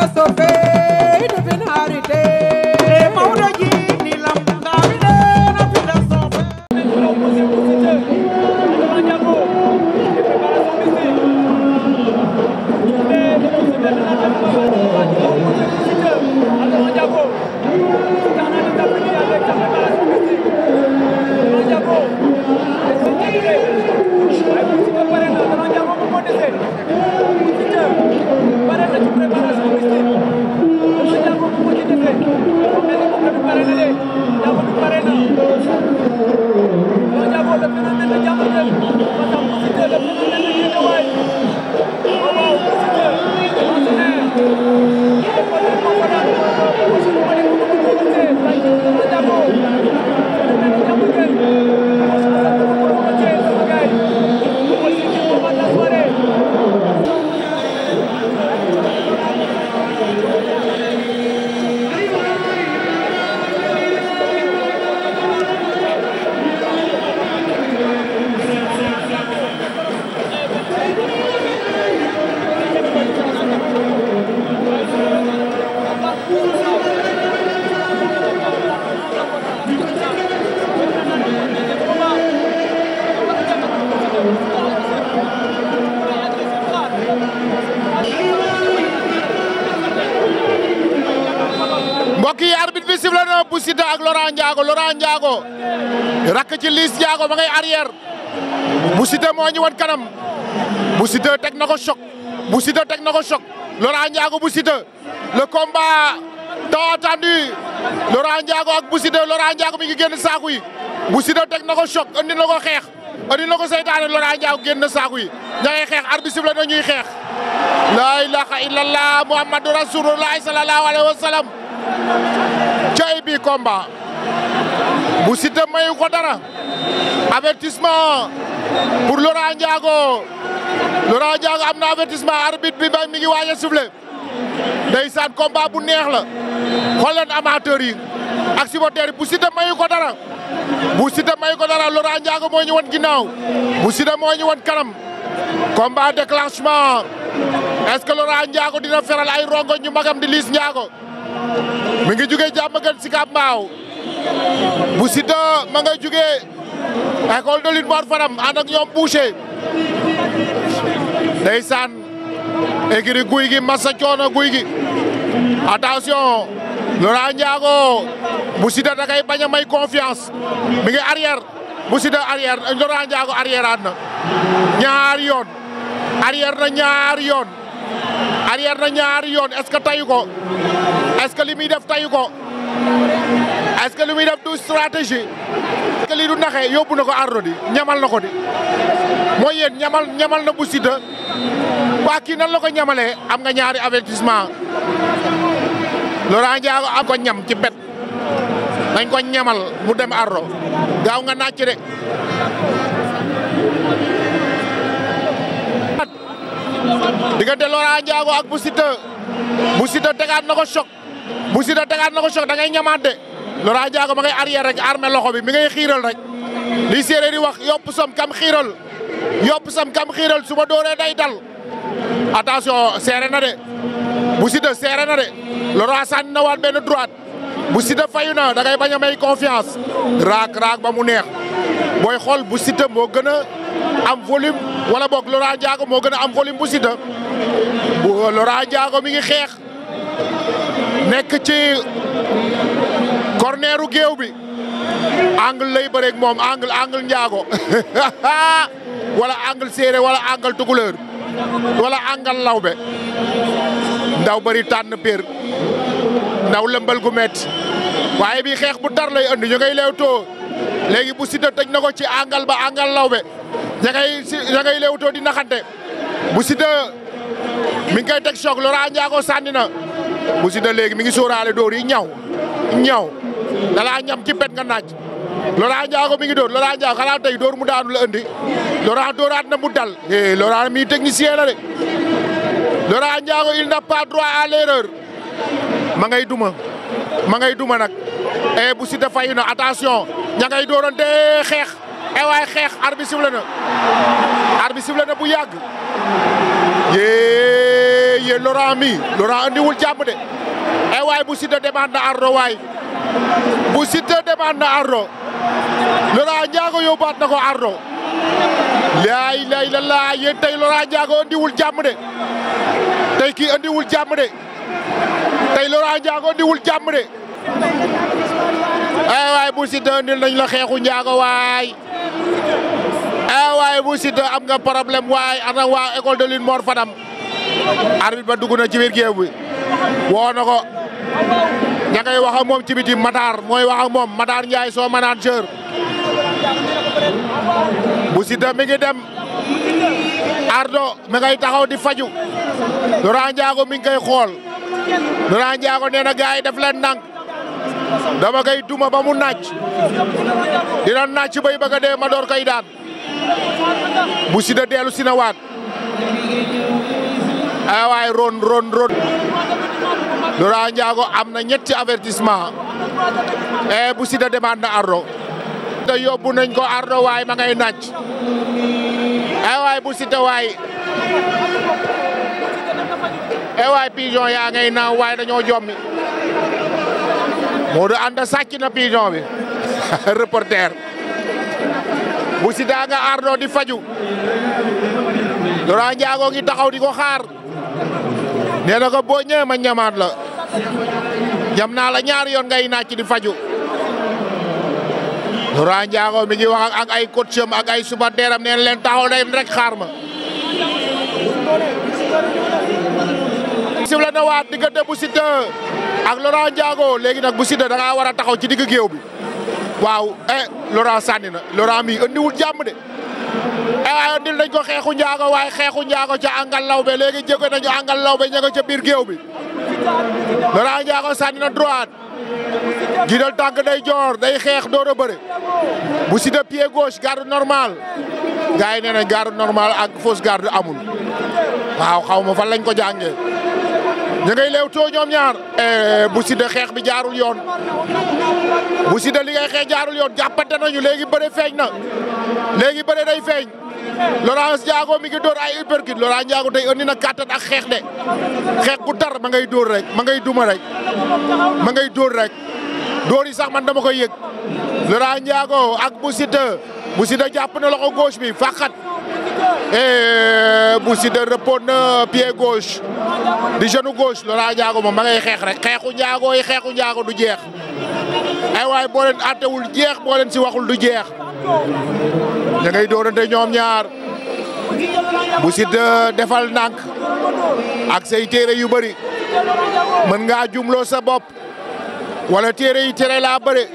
Abrazo, Fe. bi sifla na ak Laurent Ndiago Laurent Ndiago rakk ci Liss Ndiago ba ngay arrière bu Siteu wan kanam bu Siteu teg na ko choc bu Siteu teg na ko choc Laurent Ndiago bu Siteu le combat tant ak bu Siteu Laurent Ndiago mi ngi génn saaku yi bu Siteu teg na ko choc andi na ko xeex andi na ko seytaane Laurent Ndiago génn na saaku yi ña ngay xeex arbitre sifla ñuy xeex la ilaha illallah muhammadu rasulullah sallallahu alayhi wa cay bi combat bu Siteu mayu ko dara avertissement pour Laurent Ndiago Laurent Ndiago am na avertissement arbitre bi ba mi ngi waaj a soufflé ndeysaan combat bu neex la xool leen amateur yi ak supporters yi bu Siteu mayu ko dara bu Siteu mayu ko dara Laurent Ndiago moo wan ginnaaw bu Siteu moo ñu wan kanam combat déclenchement est-ce que dina feral ay rongo magam di Liss Ndiago mi ngi jugee jàmm gën si bu Siteu ma nga jugee école de lutte Mor Faram ànd ak ñoom Boucher. ndeysaan écurie guy gi massa coono guy gi attention jaako Ndiago bu Siteu da kay bañ may confiance mi ngi arrière bu Siteu arrière Laurent Ndiago arrière aat na ñaari yoon arrière na ñaari yoon arrière na ñaari yoon est que tayu est-ce que li muy def tayu ko est-ce def du stratégie est lii du naxee yóbbu na ko ardo di ñamal na ko di mooy ñamal ñamal na bu Siteu waa kii nan la ko ñamalee am nga ñaari avertissement Laurent Ndiago am ko ñam ci bet dañ ko ñamal bu dem ardo gaaw nga nàcc de diggante Laurent Ndiago ak bu Siteu bu Siteu tegaat na ko choc bu Siteu tegaat na ko choc da ngay ñamaat de Laurent Ndiago ma ngay arrière rek armé loxo bi mi ngay xiiral rek li séeréer yi wax yopp sam kam xiiral yopp sam kam xiiral su dooree day dal attention seere na de bu Siteu seere na de Laurent sànni na waat benn droite bu Siteu fayu na da ngay bañ a may confiance raak raak ba mu neex booy xool bu Siteu moo gën a am volume wala boog Laurent Ndiago moo gën a am volume bu Siteu bu Laurent Ndiago mi ngi xeex. nekk ci corneru géew bi angle lay bëreeg moom angle angle njaago wala angle séeré wala angle tukulóor wala angle lawbe ndaw bëri tànn pér ndaw lëmbal gu metti waaye bi xeex bu tar lay andi ñu ngay leewtoo léegi bu Siteu tëj na ko ci angle ba angle lawbe ña ngay ña ngay di naxante bu Siteu mi ngi koy teg choc Laurent Ndiago sànni na bu Siteu léegi mi ngi sóoraale dóor yi ñaw ñaw dalaa ñam ci pet nga naaj Laurent Ndiago mi ngi dóor Laurent Ndiago xalaat tey dóor mu daanu la andi Laurent dóoraat na mu dal eh Laurent mi technicien la de Laurent Ndiago il n'a pas droit à ma ngay duma ma ngay duma nag e bu Siteu fayu na attention ña ngay dóorante xeex e xeex arbitre sifflé na arbitre sifflé na bu yàgg appuyer Laurent mi Laurent andiwul jàmm de ay eh waay bu Siteu demande na Ardo waay bu Siteu demande na Ardo Laurent Ndiago yóbbaat na ko Ardo laay lay la laa yéen tey Laurent Ndiago andiwul jàmm de tey kii andiwul jàmm de tey Laurent Ndiago andiwul jàmm de ay eh waay bu Siteu andil nañ la xeexu Ndiago waay ay eh waay bu Siteu am nga problème waay ana waa école de lune Mor Fadam arbitre ba dugg na ci biir géew bi woo ko ña ngay wax moom ci biti mooy wax moom Matar Ndiaye soo manager bu Siteu mi ngi dem Ardo mi ngay taxaw di faju Laurent Ndiago mi ngi koy xool Laurent Ndiago nee na gars yi def leen ndànk dama koy duma ba mu naaj dina naaj bay bëgg a dee ma door koy daan bu Siteu dellu si na waat ay eh, waay ron ron ron Laurent Ndiago am na ñetti avertissement e bu Siteu demande na Ardo te yóbbu nañ ko Ardo waay ma ngay naaj ay eh, waay bu Siteu waay e waay pigeon yaa ngay naaw waay dañoo jommi Modou Anta sàcc na pigeon bi reporter bu Siteu Ardo di faju Laurent jaago ngi taxaw di ko xaar nee na ko boo ñëwee ma ñamaat la jam naa la ñaari yoon ngay naaj ci di faju Laurent jaago mi ngi wax ak ay coach am ak ay supporter am neen leen taxaw day rek xaar ma sif la na waat diggante bu Siteu ak Laurent Ndiago léegi nag bu Siteu da ngaa war a taxaw ci digg géew bi waaw eh Laurent sànni na Laurent andiwul jàmm de Eh, waaye dil dañ ko xeexu njaago waaye xeexu njaago ca àngal lawbe léegi jéego nañu àngal lawbe ña nga ca biir géew bi Laurent Ndiago sànni na droite gidal tànk day joor day xeex door a bëre bu Siteu pied gauche normal gars yi nee na normal ak fausse garde amul waaw xaw ma fan lañ ko jàngee ña ngay leew too ñoom ñaar. Eh, bu si de xeex bi jaarul yoon bu si de li ngay xeex jaarul yoon jàppante nañu léegi bëre feeñ na léegi bëre day feeñ Laurent Ndiago mi ngi dóor ay uppercut Laurent Ndiago tey andi na kàttan ak xeex de xeex gu tar ma ngay dóor rek ma ngay duma rek ma ngay dóor rek dóor yi sax man dama koy yëg Laurent Ndiago ak bu si de bu si jàpp na loxo gauche bi fàqat. et euh, bu Siteu repot na euh, gauche di genou gauche Laurent Ndiago moom ma ngay xeex rek xeexu Ndiago yi xeexu Ndiago du jeex ay waay boo leen attewul jeex boo leen si waxul du jeex da ngay doonante ñoom ñaar bu Siteu defal ndànk ak say téere yu bari mën ngaa jumloo sa bopp wala téere yi téere laa bari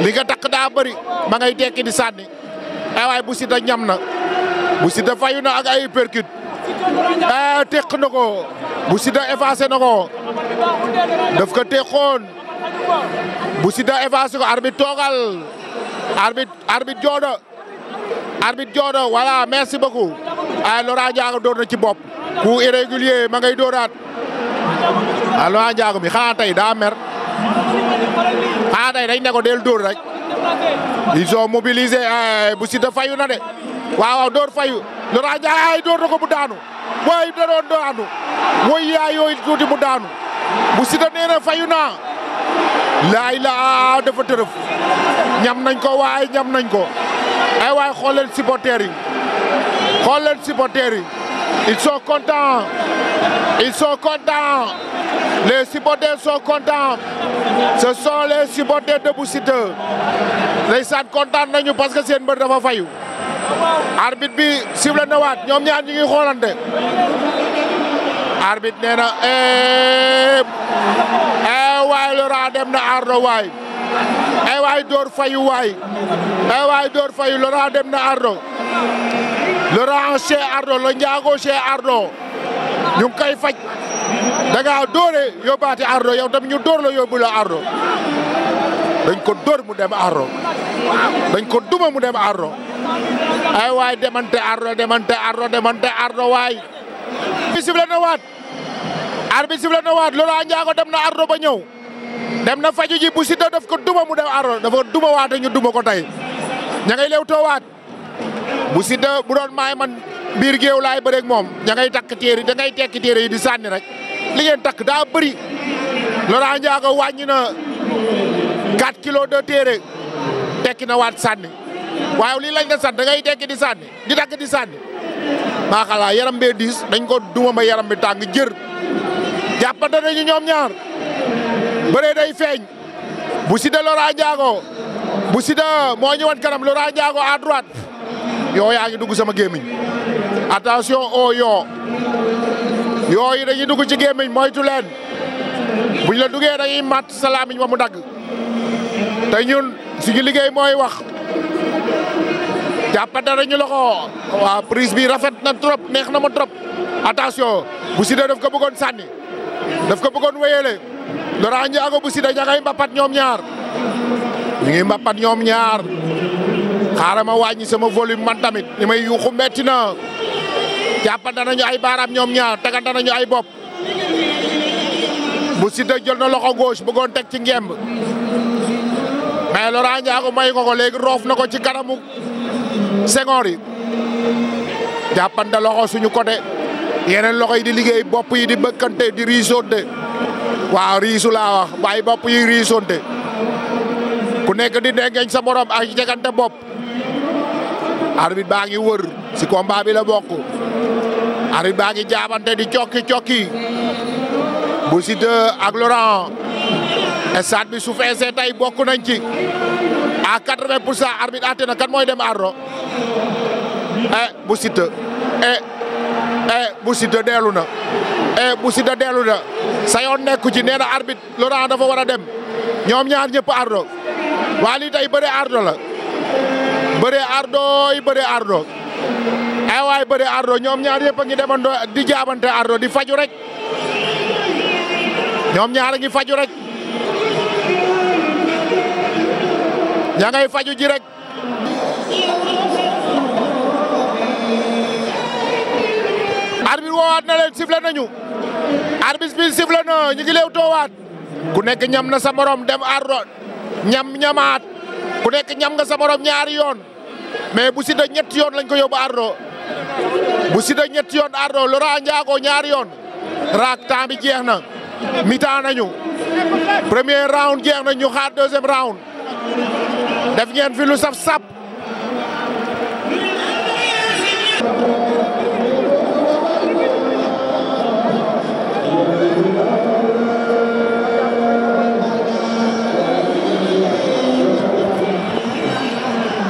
li nga takk daa bari ma ngay tekki di sànni ay waay bu Siteu ñam na bu Siteu fayu na ak ay percute a ah, teq na ko bu Siteu effacé na ko daf ko teqoon bu Siteu effacé ko arbitre toogal arbitre arbitre joodo arbitre joodo voilà merci beaucoup a ah, Laurent Ndiago door na ci bopp coup irrégulier ma ngay dooraat a ah, Laurent Ndiago mi xanaa tey daa mer xanaa tey dañ ne ko del dóor rek ils ont mobilisé bu Siteu fayu na de waaw waaw door fayu le rajo ay door na ko mu daanu booy da doon daanu mooy yaa yooyu tuuti mu daanu bu Siteu nee fayu naa laay la ah, dafa tërëf ñam nañ ko waaye ñam nañ ko ay waay xool leen yi xool leen yi it sont contents ils sont contents les supporters sont contents ce sont les supporters de bu Siteu ndeysaan kontaan nañu parce que seen mbër dafa fayu arbitre bi sifflé na waat ñoom ñaar ñu ngi xoolante arbitre nee na ee eh, eh, waay Laurent dem na ardo waay ee eh, door fayu waay ee door fayu Laurent dem na ardo Laurent chez ardo la njaago ñu ngi koy faj da ngaa dóore yóbbaati ardo yow tamit ñu dóor la yóbbu la ardo dañ ko dóor mu dem ardo dañ ko duma mu dem ardo ay waay demante ardo demante ardo demante ardo waay bi sifle na waat ar bi sifle na waat Laurent Ndiago dem na ardo ba ñëw dem na faju ji bu Siteu daf ko duma mu dem ardo dafa duma waate ñu duma ko tey ña ngay lew too waat bu Siteu bu doon maay man biir géew laay bëreeg moom ña ngay takk téere da ngay tekki téere yi di sànni rek li takk daa bari Laurent Ndiago wàññi na 4 kilos de téere tekki waat sànni waaye lii lañ la sant da ngay tekki di sànni di dagg di sànni maa xalaa yaram bee diis dañ ko duma ba yaram bi tàng jër jàppante nañu ñoom ñaar bëree day feeñ bu si da Laurent bu si moo ñu wan kanam Laurent Ndiago à droite yoo dugg sama gémmiñ attention o oh, yoo yooyu dañuy dugg ci gémmiñ moytu leen buñ la duggee dañuy màtt sa laamiñ wa mu dagg te ñun suñu liggéey mooy wax jàppante nañu loxo waa prise bi rafet na trop neex na ma trop attention bu Siteu daf ko bëggoon sànni daf ko bëggoon wéyale Laurent Ndiago bu Siteu ña mbapat ñoom ñaar ñu mbapat ñoom ñaar xaaral ma wàññi sama volume man tamit li may yuuxu metti na jàppante nañu ay baaraam ñoom ñaar tegante nañu ay bopp bu Siteu jël na loxo gauche bëggoon teg ci ngemb mais Laurent Ndiago may ko ko léegi roof ko ci kanamu Senghor yi jàppante loxo suñu côté yeneen loxo yi di liggéey bopp yi di bëkkante di riisonte waaw riisu laa wax waaye bopp yi riisonte ku nekk di dengeñ sa morom ak jegante bopp arbitre baa ngi wër si combat bi la bokk arbitre baa ngi jaabante di cokki cokki bu Siteu ak Laurent stade bi su feesee tey bokk nañ ci à 80 pour cent arbitre àtte na kan mooy dem ardo e bu Siteu e e bu Siteu deelu na e bu Siteu deelu na sa yoon nekku ci nee na arbitre Laurent dafa war a dem ñoom ñaar ñëpp ardo waa lii tey bëree ardo la bëree ardo yi bëree ardo ay waay bëree ardo ñoom ñaar yëpp a ngi demandoo di jaabante ardo di faju rek ñoom ñaar a ngi faju rek ña ngay faju ji rek arbitre woowaat na leen sifflé nañu arbitre bi sifflé na ñu ngi toowaat ku nekk ñam na sa morom dem ardo ñam ñamaat ku nekk ñam nga sa morom ñaari yoon mais bu si da ñetti yoon lañ ko yóbbu ardo bu si da ñetti yoon ardo Laurent Ndiago ñaari yoon raak temps bi jeex na mi-temps nañu jeex na ñu xaar deuxième def ngeen fi lu saf sap.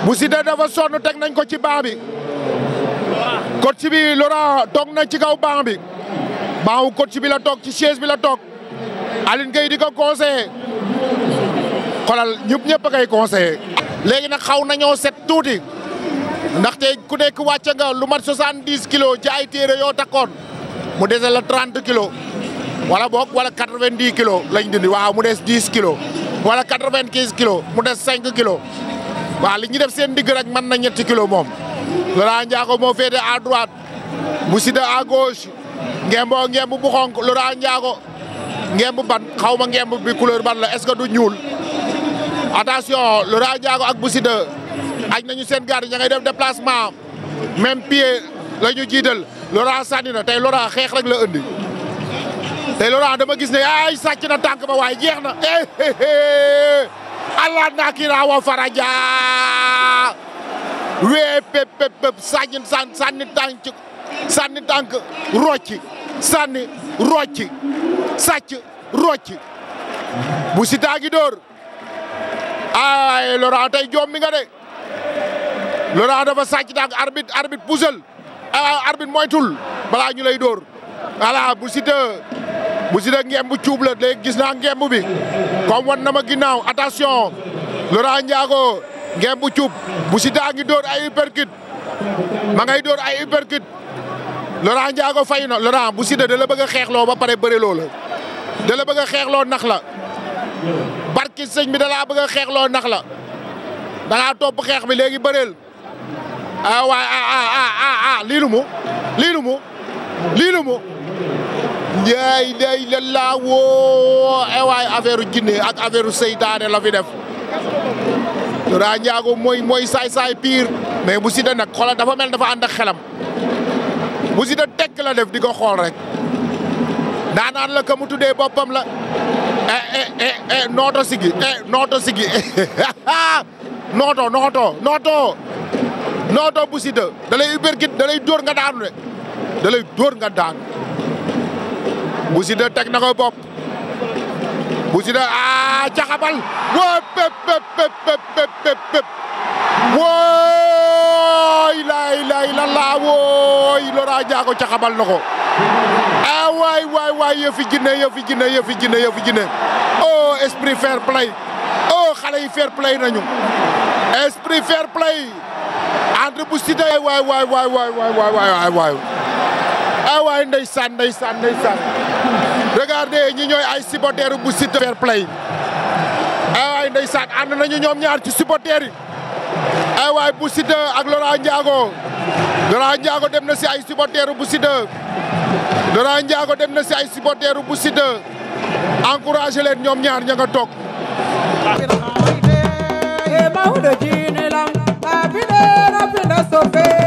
bu Siteu dafa sonn teg nañ ko ci banc bi ci bi lora toog na ci kaw banc bi banc wu bi la toog ci chaise bi la toog Aline Gueye di ko conseillé xolal ñëpp ñëpp a koy conseillé. léegi nag xaw nañoo set tuuti ndaxte ku nekk wàcce nga lu mat soixante-dix kilos ci ay téere yoo takkoon mu dese la trente kilos wala boog wala quatre vingt kilos lañ dindi waaw mu des dix kilos wala quatre quinze kilos mu des cinq kilos waaw li ñu def seen digg rek mën na ñetti kilos moom. Laurent Ndiago moo féete à droite mu sida à gembo ngemboo ngemb bu xonk Laurent Ndiago ngemb ban xaw ma ngemb bi couleur ban la est-ce que du ñuul. attention Laurent Ndiago ak Bou Siteu nañu seen garde ña ngay def déplacement même pied la ñu jiital Laurent na tey Laurent xeex rek la ëndi tey Laurent dama gis ne ay sàcc na tànk ba waaye jeex na eh, eh, eh. allah nakira wa faraja wee pep pep pep sànni sànni tànk sànni tànk rocci sànni rocci sàcc rocci bu Siteu ay Laurent tey joom mi nga de Laurent dafa sàcc daag arbitre arbitre puusal ah arbitre moytul balaa ñu lay dóor voilà bu Siteu bu Siteu ngemb bu cuub la léegi gis naa ngemb bi comme wan na ma ginnaaw attention Laurent Ndiago ngemb bu cuub bu Siteu a ngi dóor ay uppercut ma ngay dóor ay uppercut Laurent Ndiago fay na Laurent bu Siteu da la bëgg a ba pare bëre loo la da nax la. barki sëñ bi dalaa bëgg a xeexloo nax la dalaa topp xeex bi léegi bëreel a ah, waay a ah, a ah, a a lii lu mu lii mu lii mu yaay day lallaa woo eh, waay affaire jinne ak affaire seytaane la fi def Dora Ndiago mooy mooy saay-saay pire mais bu Siteu nag xoolal dafa mel dafa ànd ak xelam bu Siteu tekk la def di ko xool rek daanaan la ka mu tuddee boppam la e eh, eh, eh, noto sigi e noto nooto nooto nooto nooto bu sida da lay ubérkit dóor nga daanu de da nga daanu bu sida teg na ko bopp bu sida a ah, caxabal wo pép pép wooy lay lay la laa wooy Laurent Ndiago caxabal na ko waay waay waay yëfi jinne yëfi jinne yëfi jinne jinne oh esprit fair play oh xale yi fair play nañu esprit fair play entre bu Siteu waay waay waay waay waay waay waay waay ay waay ndeysaan ndey ndeysaan regardez ñi ñooy ay supporters bu Siteu fair play ay waay ndeysaan ànd nañu ñoom ñaar ci supporters bu Siteu ak Laurent Ndiago Laurent Ndiago dem na si ay supporters bu Laurent Ndiago dem na si ay supporteru bu Siteu encouragé leen ñoom ñaar ña nga toog. Mawɗo jiinilam, haa biɗe rafina sofe.